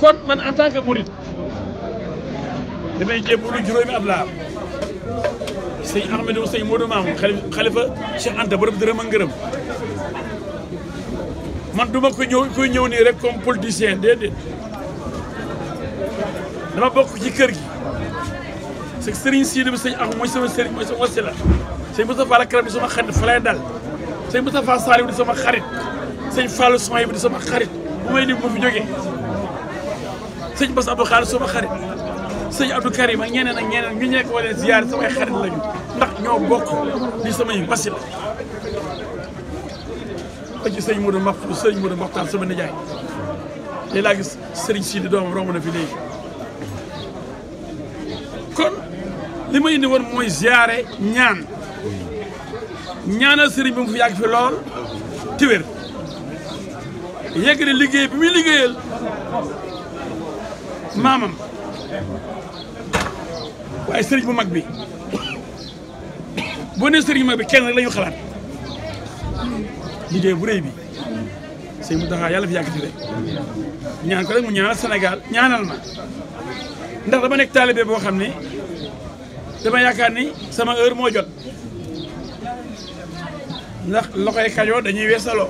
kon man en tant que murid damay jébbalu juróomi ab laa sëñ Ahmadou sëñ Modou Mamoun xalifa Cheikh Anta borom dërëm a ngërëm man duma ko ñëw koy ñëw nii rek comme politicien déedéet dama bokk ci kër gi parce que sëriñ Sidi bi sëñ Ahmadou mooy sama sëriñ mooy sama wasila sëñ Moustapha la karam di sama xarit fa lay dal sëñ Moustapha Saliou di sama xarit sëñ Fallou Soye di sama xarit bu may ni bu fi jógee sëñ Bass Abdou Khadre sama xarit sëñ Abdou Karim ak ñeneen ak ñeneen ñu nekk wala ziar samay xarit lañu ndax ñoo bokk li samay basi la ba ci sëñ Modou Mbaxtu sëñ Modou Mbaxtaan sama nijaay li laa gis Serigne Sidi doomam romb na fi léegi kon li ma indi woon mooy ziare ñaan ñaanal Serigne bi mu fi yàgg fi lool te wér yegg bi muy liggéeyal maamam waaye sëriñ bu mag bi boo nee sëriñ bu mag bi kenn rek la ñu xalaat liggéey bu réy bi sëñ mu taxaa yàlla fi yàgg ci ñaan ko rek mu ñaanal Sénégal ñaanal ma ndax dama nekk taalibe boo xam ne dama yaakaar ni sama heure moo jot ndax loxoy kajoo dañuy weesaloo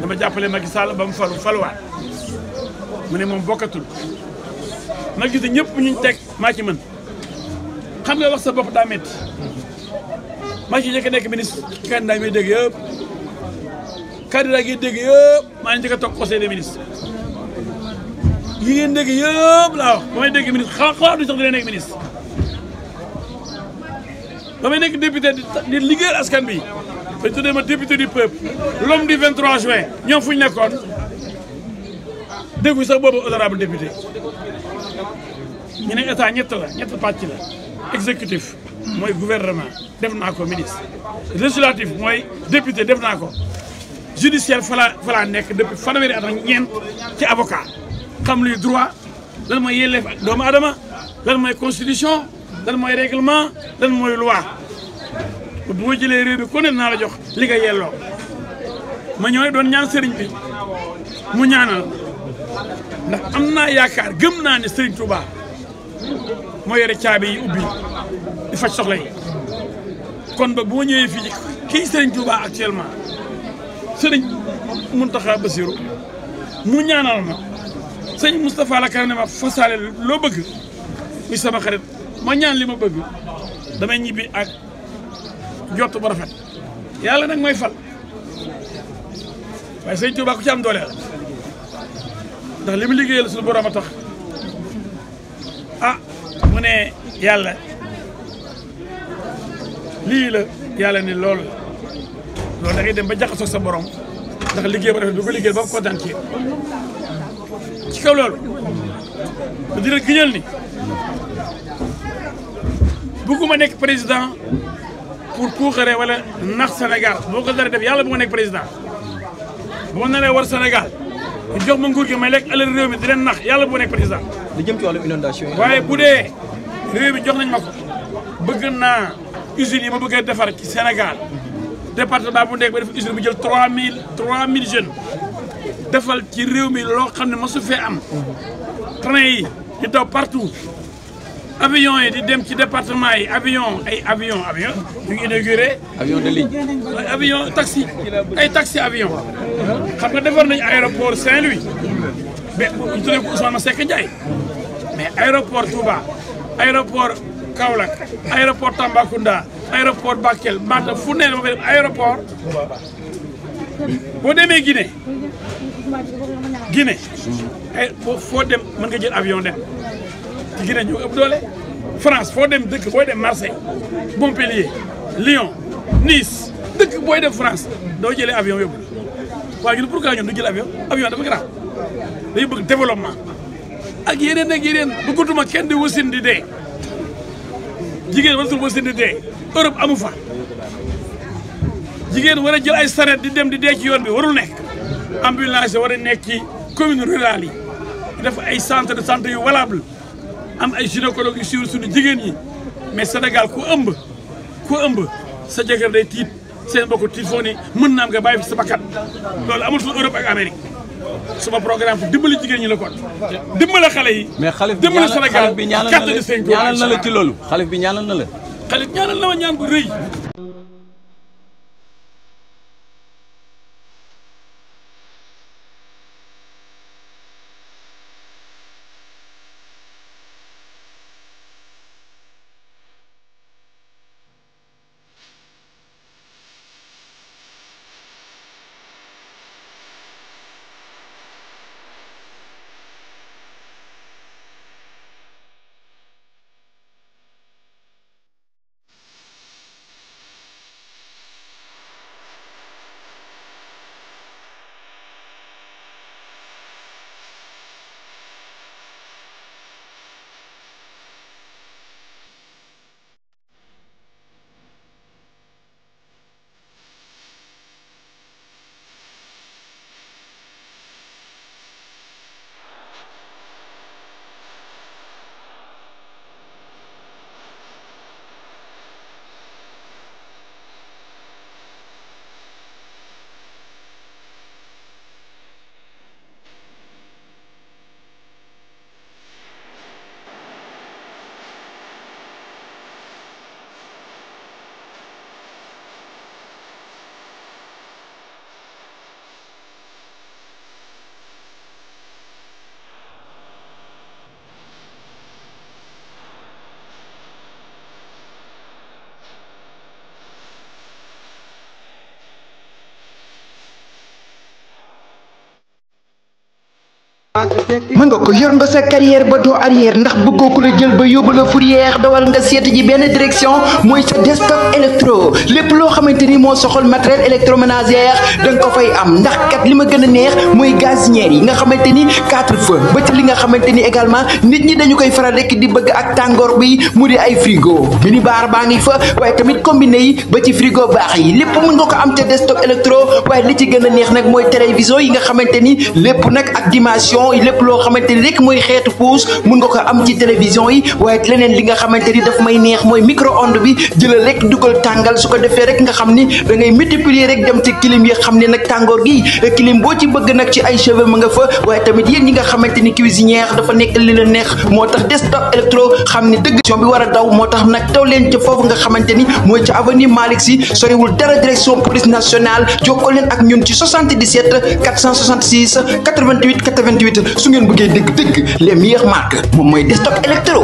dama jàppale Macky Sall ba mu falu faluwaat mu ne moom bokkatul ma gis ne ñëpp ñu teg maa ci mën xam nga wax sa bopp daa métti maa ci njëkk a nekk ministre candidat yi dégg yëpp candidat yi dégg yëpp maa ngi njëkk a toog conseil des ministres yi ngeen dégg yëpp laa wax ba dégg ministre xaw xaw du sax dina nekk ministre ba may nekk di liggéeyal askan bi dañ tuddee ma député du peuple l'homme du 23 juin ñoom fu ñu nekkoon déggu sax boobu honorable député ñu ne état ñett la ñett pàcc la exécutif mooy gouvernement def naa ko ministre législatif mooy député def naa ko judiciaire falaa falaa nekk depuis fanweeri at ak ñeent ci avocat xam luy droit lan mooy yelleef ak doomu adama lan mooy constitution lan mooy règlement lan mooy loi bu ma jëlee réew mi ku ne naa la jox li nga yelloo ma ñooy doon ñaan sëriñ bi mu ñaanal ndax am naa yaakaar gëm naa ne Serigne Touba moo yore caabi yi ubbi di faj soxla yi kon ba boo ñëwee fii kii Serigne Touba actuellement Serigne Mountakha Bassirou mu ñaanal ma sëñ Moustapha Lakar ne ma fasaale loo bëgg muy sama xarit ma ñaan li ma bëgg damay ñibbi ak jot bu rafet yàlla nag mooy fal waaye Serigne Touba ku ci am doole ndax li mu liggéeyal suñu borom a tax a ah, mu ne yàlla lii la yàlla ni lool la loolu da ngay dem ba jaxasoo sa borom ndax liggéey ba rafet bi ko liggéeyal ci ci kaw loolu da dina gëñal ni bugguma nekk président pour puuxare wala nax Sénégal boo ko dara def yàlla bu ma nekk président bu ma naree war Sénégal ñu jox ma nguur gi may lekk alal réew mi di leen nax yàlla bu nekk président. jëm ci wàllu inondation yi. waaye bu dee réew mi jox nañ ma ko bëgg naa usines yi ma bëgg defar ci Sénégal département bu nekk ba def usine bu jël trois mille trois mille jeunes defal ci réew mi loo xam ne mosu fee am train yi ñu daw partout. avion yi di dem ci département yi avion ay avion avion ñu ngi inauguré. avion de ligne. avion taxi ay taxi avion. xam nga defar nañu aéroport Saint-Louis. mais ñu tuddee ko Ousmane Seck Ndiaye. mais aéroport Touba aéroport Kaolack aéroport Tambacounda aéroport Bakel Matam fu ne la ba aéroport. boo demee Guinée. Guinée. foo dem mën nga jël avion dem. Guinée ñoo ëpp doole France foo dem dëkk booy dem Marseille Montpellier Lyon Nice dëkk booy dem France doo jële avion yóbbu waaye ñun pourquoi ñun du jël avion avion dafa grave dañu bëgg développement ak yeneen ak yeneen bëggatuma kenn di wasin di dee jigéen war sul wasin di dee Europe amu fa jigéen war a jël ay saret di dem di dee ci yoon bi warul nekk ambulance war a nekk ci commune rurale yi def ay centre de santé yu valable am ay gynécologue yu suivre suñu jigéen ñi mais Sénégal ku ëmb ku ëmb sa jëkkër day tiit seen mbokku tiit foo ni mën naa am nga bàyyi fi sa bakkan loolu amul fu Europe ak Amérique suma programme fu dimbali jigéen ñi la kon dimbali xale yi. mais xalif bi ñaanal xalif bi ñaanal na la ci loolu. xalif bi ñaanal na la. xalif ñaanal na ma ñaan bu rëy. mën nga ko yor nga sa carrière ba doo arrière ndax bëggoo ku la jël ba yóbbu la fourrière dawal nga seet ji benn direction mooy sa Destock électro lépp loo xamante ni moo soxal matériel électroménager da nga ko fay am ndax kat li ma gën a neex mooy gazinière yi nga xamante ni quatre feux ba ci li nga xamante ni également nit ñi dañu koy faral rek di bëgg ak tàngoor bi mu di ay frigo mini bar baa ngi fa waaye tamit combiné yi ba ci frigo baax yi lépp mën nga ko am ca Destock électro waaye li ci gën a neex nag mooy télévision yi nga xamante ni lépp nag ak dimension lépp loo xamante ni rek mooy xeetu pause mun nga ko am ci télévision yi waaye leneen li nga xamante ni daf may neex mooy micro-onde bi jëlal rek dugal tàngal su ko defee rek nga xam ni da ngay multiplier rek dem ci clim yi xam ne nag tàngoor gi clim boo ci bëgg nag ci ay cheveux ma nga fa waaye tamit yéen nga xamante ni cuisinière dafa nekk li neex moo tax desktop électro xam ni dëgg bi war a daw moo tax nag daw leen foofu nga xamante su ngeen dikk dégg dégg les meilleures marques moom mooy Destock Electro